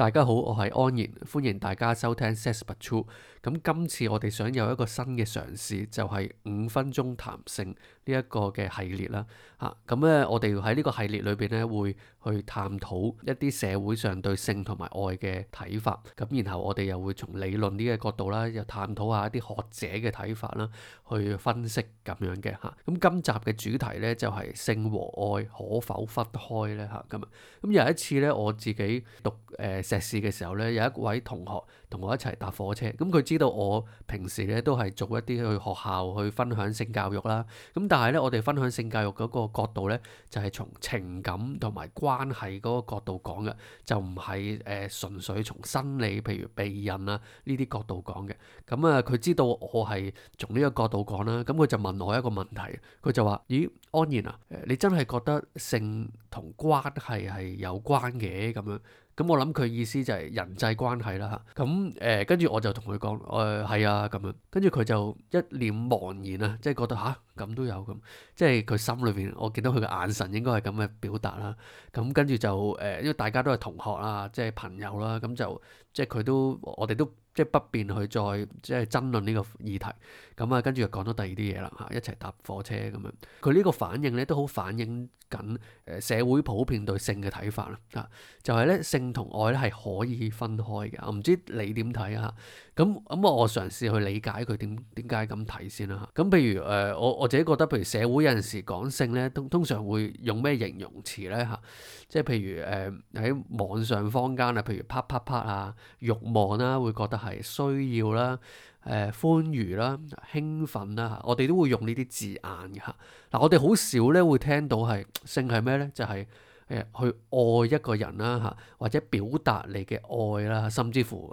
大家好，我係安然，歡迎大家收聽 Sex b u t t r o l 咁今次我哋想有一個新嘅嘗試，就係、是、五分鐘談性呢一、這個嘅系列啦。吓，咁咧我哋喺呢個系列裏邊咧會。去探討一啲社會上對性同埋愛嘅睇法，咁然後我哋又會從理論呢個角度啦，又探討下一啲學者嘅睇法啦，去分析咁樣嘅嚇。咁、嗯、今集嘅主題呢，就係、是、性和愛可否分開呢？嚇、嗯。咁、嗯、咁有一次呢，我自己讀誒碩、呃、士嘅時候呢，有一位同學同我一齊搭火車，咁、嗯、佢知道我平時呢都係做一啲去學校去分享性教育啦。咁、嗯、但係呢，我哋分享性教育嗰個角度呢，就係、是、從情感同埋關關係嗰個角度講嘅，就唔係誒純粹從生理，譬如避孕啊呢啲角度講嘅。咁、嗯、啊，佢知道我係從呢個角度講啦，咁、嗯、佢就問我一個問題，佢就話：咦，安然啊，呃、你真係覺得性同關係係有關嘅咁樣？咁、嗯、我諗佢意思就係人際關係啦吓，咁誒跟住我就同佢講，誒、呃、係啊咁樣，跟住佢就一臉茫然啊，即係覺得吓，咁都有咁，即係佢心裏邊我見到佢嘅眼神應該係咁嘅表達啦，咁跟住就誒、呃，因為大家都係同學啦，即係朋友啦，咁就即係佢都我哋都即係不便去再即係爭論呢個議題。咁啊，跟住又講咗第二啲嘢啦，嚇一齊搭火車咁樣。佢呢個反應咧，都好反映緊誒社會普遍對性嘅睇法啦，嚇、啊、就係、是、咧性同愛咧係可以分開嘅。唔知你點睇啊？咁咁我嘗試去理解佢點點解咁睇先啦。咁、啊、譬如誒、呃，我我自己覺得，譬如社會有陣時講性咧，通通常會用咩形容詞咧嚇、啊？即係譬如誒喺、呃、網上坊間啊，譬如啪啪啪啊，慾望啦，會覺得係需要啦。誒歡愉啦、興奮啦，我哋都會用呢啲字眼嘅嚇。嗱，我哋好少咧會聽到係性係咩咧？就係、是、誒去愛一個人啦嚇，或者表達你嘅愛啦，甚至乎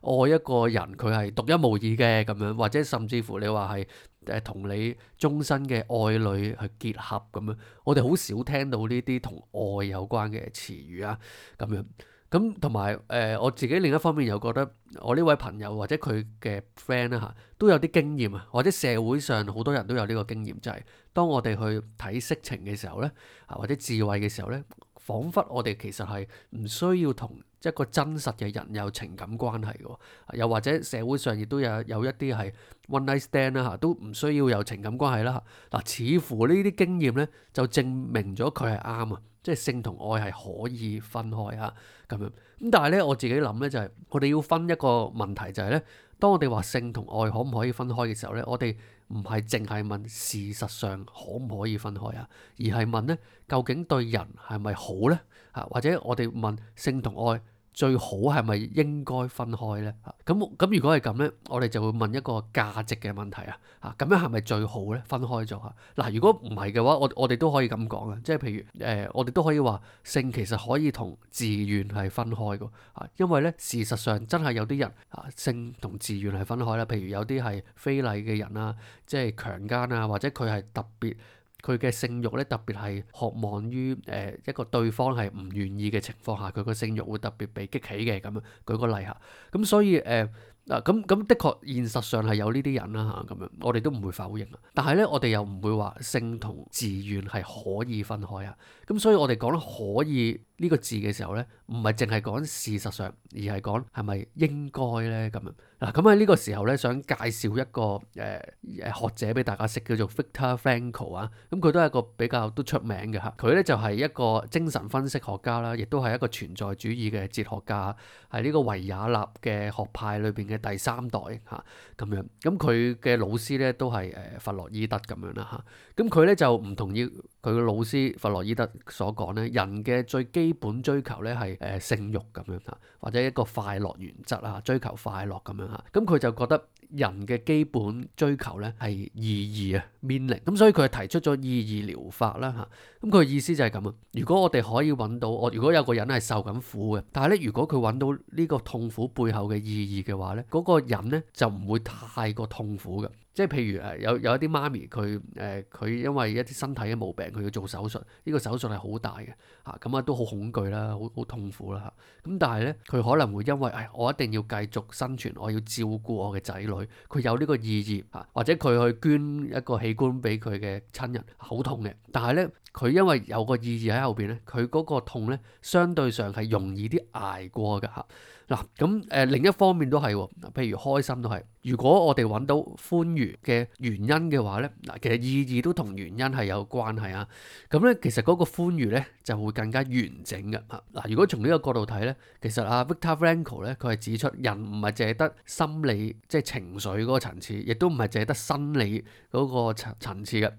誒愛一個人佢係獨一無二嘅咁樣，或者甚至乎你話係誒同你終身嘅愛侶去結合咁樣，我哋好少聽到呢啲同愛有關嘅詞語啊咁樣。咁同埋誒，我自己另一方面又覺得，我呢位朋友或者佢嘅 friend 啦嚇，都有啲經驗啊，或者社會上好多人都有呢個經驗，就係、是、當我哋去睇色情嘅時候咧，或者自慰嘅時候咧，彷彿我哋其實係唔需要同一個真實嘅人有情感關係嘅、啊，又或者社會上亦都有有一啲係 one night stand 啦、啊、嚇，都唔需要有情感關係啦。嗱、啊，似乎呢啲經驗咧，就證明咗佢係啱啊！即係性同愛係可以分開啊，咁樣咁，但係咧我自己諗咧就係，我哋要分一個問題就係咧，當我哋話性同愛可唔可以分開嘅時候咧，我哋唔係淨係問事實上可唔可以分開啊，而係問咧究竟對人係咪好咧啊？或者我哋問性同愛。最好係咪應該分開咧？嚇咁咁如果係咁咧，我哋就會問一個價值嘅問題啊！嚇咁樣係咪最好咧？分開咗啊？嗱，如果唔係嘅話，我我哋都可以咁講嘅，即係譬如誒、呃，我哋都可以話性其實可以同自願係分開嘅啊，因為咧事實上真係有啲人啊，性同自願係分開啦。譬如有啲係非禮嘅人啊，即係強姦啊，或者佢係特別。佢嘅性欲咧特別係渴望於誒、呃、一個對方係唔願意嘅情況下，佢個性欲會特別被激起嘅咁樣。舉個例嚇，咁所以誒嗱咁咁的確現實上係有呢啲人啦嚇咁樣，我哋都唔會否認啊。但係咧，我哋又唔會話性同自願係可以分開啊。咁所以我哋講咧可以。呢個字嘅時候呢，唔係淨係講事實上，而係講係咪應該呢。咁樣。嗱，咁喺呢個時候呢，想介紹一個誒誒、呃、學者俾大家識，叫做 Victor Frankl 啊。咁佢都係一個比較都出名嘅嚇。佢呢就係、是、一個精神分析學家啦，亦都係一個存在主義嘅哲學家，係呢個維也納嘅學派裏邊嘅第三代嚇咁、啊、樣。咁佢嘅老師呢，都係誒弗洛伊德咁樣啦嚇。咁、啊、佢呢，就唔同意。佢嘅老師弗洛伊德所講咧，人嘅最基本追求咧係誒性慾咁樣嚇，或者一個快樂原則啊，追求快樂咁樣嚇。咁、嗯、佢就覺得人嘅基本追求咧係意義啊 meaning。咁所以佢提出咗意義療法啦嚇。咁、嗯、佢意思就係咁啊。如果我哋可以揾到我，如果有個人係受緊苦嘅，但係咧，如果佢揾到呢個痛苦背後嘅意義嘅話咧，嗰、那個人咧就唔會太過痛苦嘅。即係譬如誒有有一啲媽咪佢誒佢因為一啲身體嘅毛病佢要做手術，呢、這個手術係好大嘅嚇，咁啊都好恐懼啦，好好痛苦啦嚇。咁、啊、但係咧，佢可能會因為誒、哎、我一定要繼續生存，我要照顧我嘅仔女，佢有呢個意義嚇、啊，或者佢去捐一個器官俾佢嘅親人，好痛嘅。但係咧，佢因為有個意義喺後邊咧，佢嗰個痛咧，相對上係容易啲捱過㗎。啊嗱，咁誒另一方面都係喎，譬如開心都係。如果我哋揾到歡愉嘅原因嘅話咧，嗱，其實意義都同原因係有關係啊。咁咧，其實嗰個歡愉咧就會更加完整嘅。嗱，如果從呢個角度睇咧，其實阿 Victor Franco 咧，佢係指出人唔係淨係得心理，即係、就是、情緒嗰個層次，亦都唔係淨係得心理嗰個層次嘅。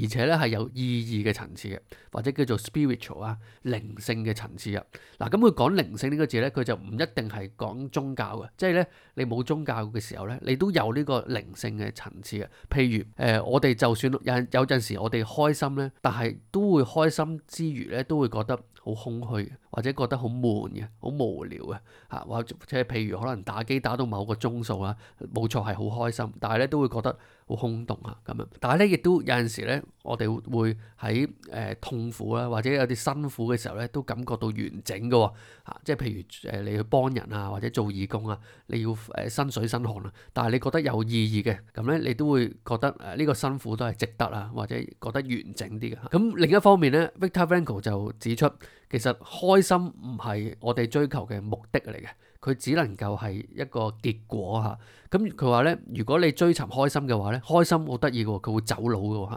而且咧係有意義嘅層次嘅，或者叫做 spiritual 啊靈性嘅層次啊。嗱，咁佢講靈性呢個字咧，佢就唔一定係講宗教嘅，即係咧你冇宗教嘅時候咧，你都有呢個靈性嘅層次嘅。譬如誒、呃，我哋就算有有陣時我哋開心咧，但係都會開心之餘咧，都會覺得。好空虛或者覺得好悶嘅，好無聊嘅嚇，或者譬如可能打機打到某個鐘數啦，冇錯係好開心，但係咧都會覺得好空洞啊咁樣。但係咧亦都有陣時咧，我哋會喺誒、呃、痛苦啦，或者有啲辛苦嘅時候咧，都感覺到完整嘅喎，即係譬如誒、呃、你去幫人啊，或者做義工啊，你要誒身、呃、水身汗啊，但係你覺得有意義嘅咁咧，你都會覺得誒呢、呃這個辛苦都係值得啊，或者覺得完整啲嘅。咁、啊、另一方面咧，Viktor Frankl 就指出。其實開心唔係我哋追求嘅目的嚟嘅。佢只能夠係一個結果嚇，咁佢話咧，如果你追尋開心嘅話咧，開心好得意嘅喎，佢會走佬嘅喎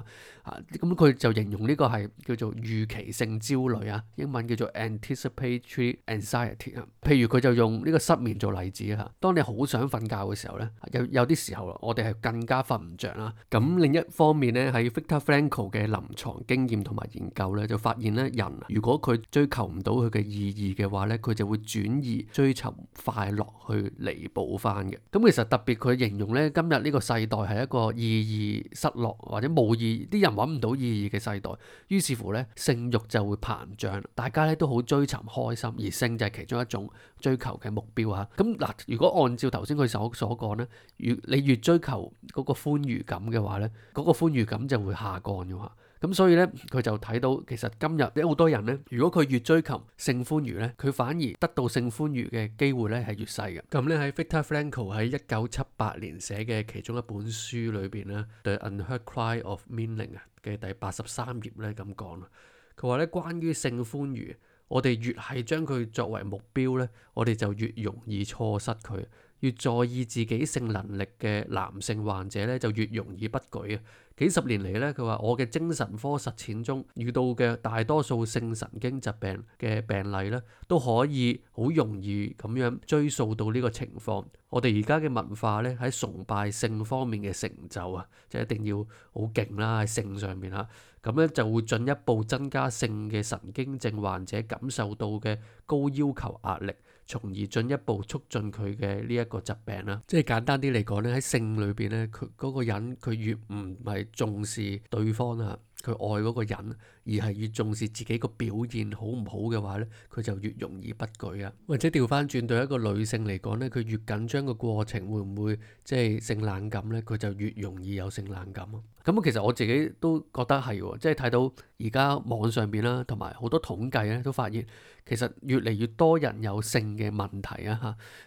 嚇，咁佢就形容呢個係叫做預期性焦慮啊，英文叫做 anticipatory anxiety 啊。譬如佢就用呢個失眠做例子啊，當你好想瞓覺嘅時候咧，有有啲時候我哋係更加瞓唔着啦。咁另一方面咧，喺 Victor Frankl 嘅臨床經驗同埋研究咧，就發現咧人如果佢追求唔到佢嘅意義嘅話咧，佢就會轉移追尋。快樂去彌補翻嘅，咁其實特別佢形容呢今日呢個世代係一個意義失落或者冇意啲人揾唔到意義嘅世代，於是乎呢，性慾就會膨脹，大家呢都好追尋開心，而性就係其中一種追求嘅目標嚇。咁、啊、嗱，如果按照頭先佢所所講呢，越你越追求嗰個歡愉感嘅話呢，嗰、嗰個歡愉感就會下降嘅話。咁所以咧，佢就睇到其實今日有好多人咧，如果佢越追求性歡愉咧，佢反而得到性歡愉嘅機會咧係越細嘅。咁咧喺 Victor Frankl 喺一九七八年寫嘅其中一本書裏邊咧，對《Unheard Cry of Meaning》啊嘅第八十三頁咧咁講啦。佢話咧，關於性歡愉，我哋越係將佢作為目標咧，我哋就越容易錯失佢。越在意自己性能力嘅男性患者咧，就越容易不舉啊！幾十年嚟咧，佢話我嘅精神科實踐中遇到嘅大多數性神經疾病嘅病例咧，都可以好容易咁樣追溯到呢個情況。我哋而家嘅文化咧，喺崇拜性方面嘅成就啊，即係、一定要好勁啦，喺性上面嚇，咁咧就會進一步增加性嘅神經症患者感受到嘅高要求壓力。從而進一步促進佢嘅呢一個疾病啦，即係簡單啲嚟講咧，喺性裏邊咧，佢嗰個人佢越唔係重視對方呀，佢愛嗰個人，而係越重視自己個表現好唔好嘅話呢，佢就越容易不舉啊。或者調翻轉對一個女性嚟講呢，佢越緊張個過程，會唔會即係性冷感呢？佢就越容易有性冷感。咁啊，其實我自己都覺得係喎，即係睇到而家網上邊啦，同埋好多統計咧，都發現其實越嚟越多人有性嘅問題啊，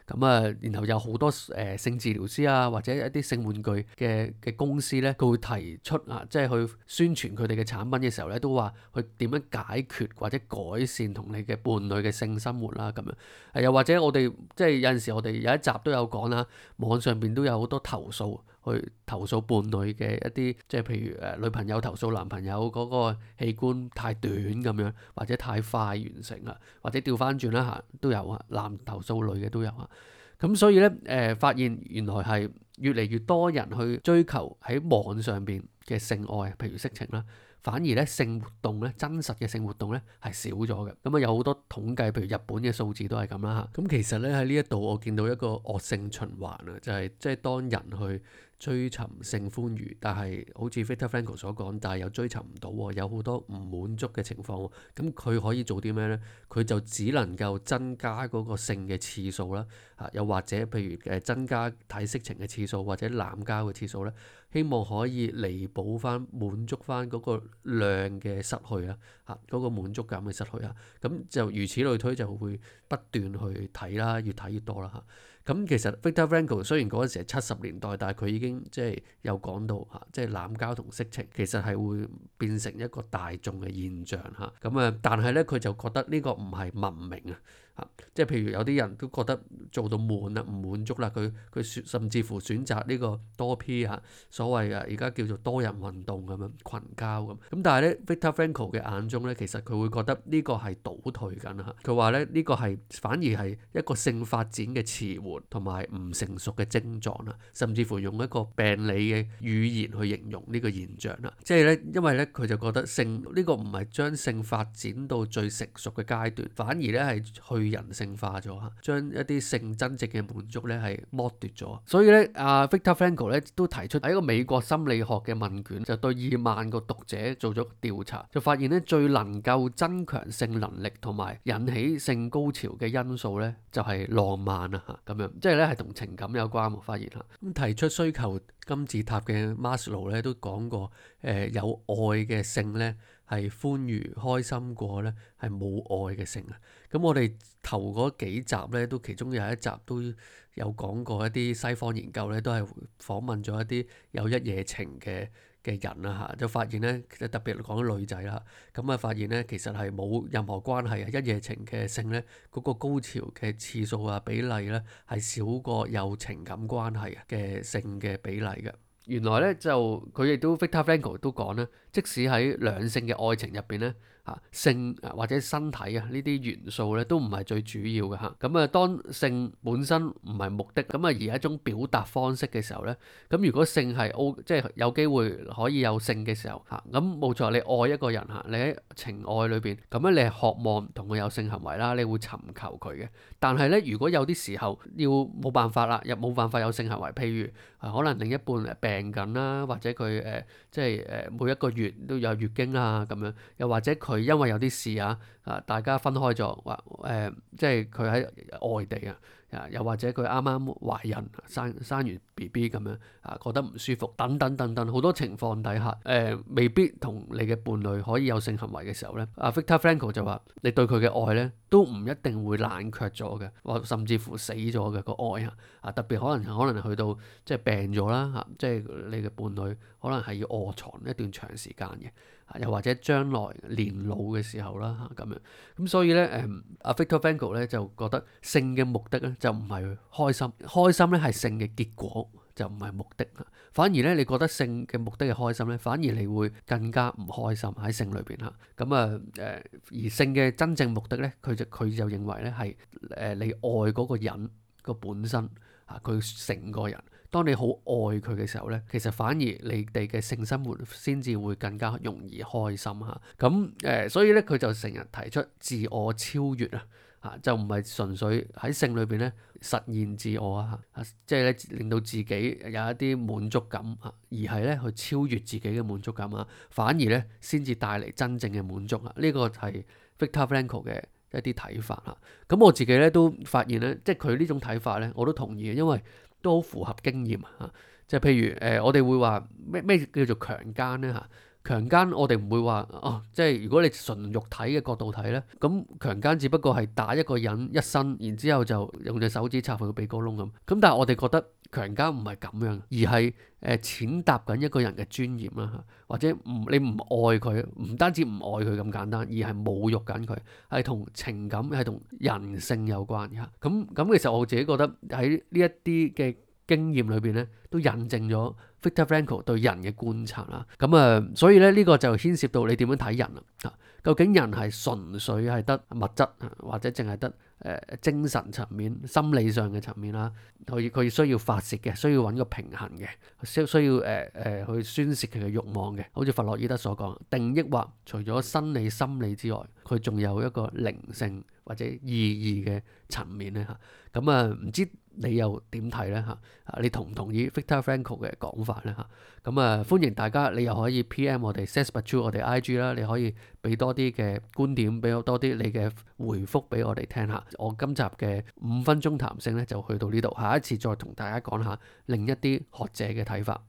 吓，咁啊，然後有好多誒性治療師啊，或者一啲性玩具嘅嘅公司呢，佢會提出啊，即係去宣傳佢哋嘅產品嘅時候呢。都話。去點樣解決或者改善同你嘅伴侶嘅性生活啦，咁樣，又或者我哋即係有陣時，我哋有一集都有講啦，網上邊都有好多投訴，去投訴伴侶嘅一啲，即係譬如誒、呃、女朋友投訴男朋友嗰個器官太短咁樣，或者太快完成啊，或者調翻轉啦吓，都有啊，男投訴女嘅都有啊。咁所以呢，誒、呃，發現原來係越嚟越多人去追求喺網上邊嘅性愛，譬如色情啦。反而咧性活動咧真實嘅性活動咧係少咗嘅，咁啊有好多統計，譬如日本嘅數字都係咁啦吓。咁其實咧喺呢一度我見到一個惡性循環啊，就係即係當人去。追尋性歡愉，但係好似 Victor Frankl 所講，但係又追尋唔到喎，有好多唔滿足嘅情況喎。咁佢可以做啲咩呢？佢就只能夠增加嗰個性嘅次數啦，嚇，又或者譬如誒增加睇色情嘅次數，或者濫交嘅次數呢。希望可以彌補翻滿足翻嗰個量嘅失去啦，嚇，嗰個滿足感嘅失去啊。咁就如此類推，就會不斷去睇啦，越睇越多啦，嚇。咁其實 Victor Frankl 雖然嗰陣時係七十年代，但係佢已經即係有講到嚇，即係濫交同色情其實係會變成一個大眾嘅現象嚇。咁啊，但係咧佢就覺得呢個唔係文明啊。即係譬如有啲人都覺得做到悶啦，唔滿足啦，佢佢甚至乎選擇呢個多 P 啊，所謂嘅而家叫做多人運動咁樣群交咁，咁但係咧 Victor Frankl 嘅眼中咧，其實佢會覺得呢個係倒退緊啊！佢話咧呢、呢個係反而係一個性發展嘅遲緩同埋唔成熟嘅症狀啦，甚至乎用一個病理嘅語言去形容呢個現象啦。即係咧，因為咧佢就覺得性呢、呢個唔係將性發展到最成熟嘅階段，反而咧係去人性化咗，將一啲性真正嘅滿足咧係剝奪咗，所以咧阿、啊、Viktor Frankl 咧都提出喺一個美國心理學嘅問卷，就對二萬個讀者做咗調查，就發現咧最能夠增強性能力同埋引起性高潮嘅因素咧就係、是、浪漫啊嚇咁樣，即係咧係同情感有關我、啊、發現嚇咁提出需求金字塔嘅 Maslow 咧都講過，誒、呃、有愛嘅性咧。係歡愉開心過咧，係冇愛嘅性啊！咁我哋頭嗰幾集咧，都其中有一集都有講過一啲西方研究咧，都係訪問咗一啲有一夜情嘅嘅人啦吓，就發現咧，特別女發現其實特別講女仔啦，咁啊發現咧，其實係冇任何關係啊！一夜情嘅性咧，嗰、那個高潮嘅次數啊比例咧，係少過有情感關係嘅性嘅比例嘅。原來咧就佢亦都 Victor Frankl 都講啦，即使喺兩性嘅愛情入邊咧。啊，性或者身體啊，呢啲元素咧都唔係最主要嘅嚇。咁啊，當性本身唔係目的，咁啊而係一種表達方式嘅時候咧，咁、啊、如果性係 O，、哦、即係有機會可以有性嘅時候嚇，咁冇錯，你愛一個人嚇、啊，你喺情愛裏邊，咁、啊、樣你係渴望同佢有性行為啦，你會尋求佢嘅。但係咧，如果有啲時候要冇辦法啦，又冇辦法有性行為，譬如、啊、可能另一半病緊啦，或者佢誒、呃、即係誒、呃、每一個月都有月經啦、啊、咁樣，又或者佢。佢因為有啲事啊，啊大家分開咗，話，誒，即係佢喺外地啊。又或者佢啱啱懷孕、生生完 B B 咁樣啊，覺得唔舒服等等等等好多情況底下，誒、呃、未必同你嘅伴侶可以有性行為嘅時候咧，阿、啊、Victor Frankl 就話：你對佢嘅愛咧，都唔一定會冷卻咗嘅，或甚至乎死咗嘅個愛啊！特別可能可能去到即係病咗啦嚇，即係、啊、你嘅伴侶可能係要臥床一段長時間嘅、啊，又或者將來年老嘅時候啦嚇咁樣。咁、啊、所以咧誒，阿、啊、Victor Frankl 咧就覺得性嘅目的咧。就唔係開心，開心咧係性嘅結果，就唔係目的啦。反而咧，你覺得性嘅目的係開心咧，反而你會更加唔開心喺性裏邊嚇。咁啊誒，而性嘅真正目的咧，佢就佢就認為咧係誒你愛嗰個人個本身嚇，佢成個人。當你好愛佢嘅時候咧，其實反而你哋嘅性生活先至會更加容易開心嚇。咁誒，所以咧佢就成日提出自我超越啊。嚇就唔係純粹喺性裏邊咧實現自我啊，即係咧令到自己有一啲滿足感啊，而係咧去超越自己嘅滿足感啊，反而咧先至帶嚟真正嘅滿足啊。呢個係 Victor Frankl 嘅一啲睇法啊。咁我自己咧都發現咧，即係佢呢種睇法咧，我都同意嘅，因為都好符合經驗啊。即係譬如誒，我哋會話咩咩叫做強姦咧嚇？強姦我哋唔會話哦，即係如果你純肉體嘅角度睇咧，咁強姦只不過係打一個人一身，然之後就用隻手指插佢鼻哥窿咁。咁但係我哋覺得強姦唔係咁樣，而係誒踐踏緊一個人嘅尊嚴啦，或者唔你唔愛佢，唔單止唔愛佢咁簡單，而係侮辱緊佢，係同情感係同人性有關嘅。咁咁其實我自己覺得喺呢一啲嘅。經驗裏邊咧，都印證咗 Viktor Frankl 對人嘅觀察啦。咁啊，所以咧呢個就牽涉到你點樣睇人啦、啊。究竟人係純粹係得物質、啊、或者淨係得誒、啊、精神層面、心理上嘅層面啦？佢、啊、佢需要發泄嘅，需要揾個平衡嘅、啊，需需要誒誒、啊啊、去宣洩佢嘅慾望嘅。好似弗洛伊德所講，定抑或除咗生理、心理之外，佢仲有一個靈性或者意義嘅層面咧嚇。咁啊，唔、啊、知。你又點睇咧嚇？你同唔同意 Viktor Frankl 嘅講法咧嚇？咁啊，歡迎大家，你又可以 PM 我哋，search me to 我哋 IG 啦，你可以俾多啲嘅觀點，俾多啲你嘅回覆俾我哋聽下。我今集嘅五分鐘談性咧就去到呢度，下一次再同大家講下另一啲學者嘅睇法。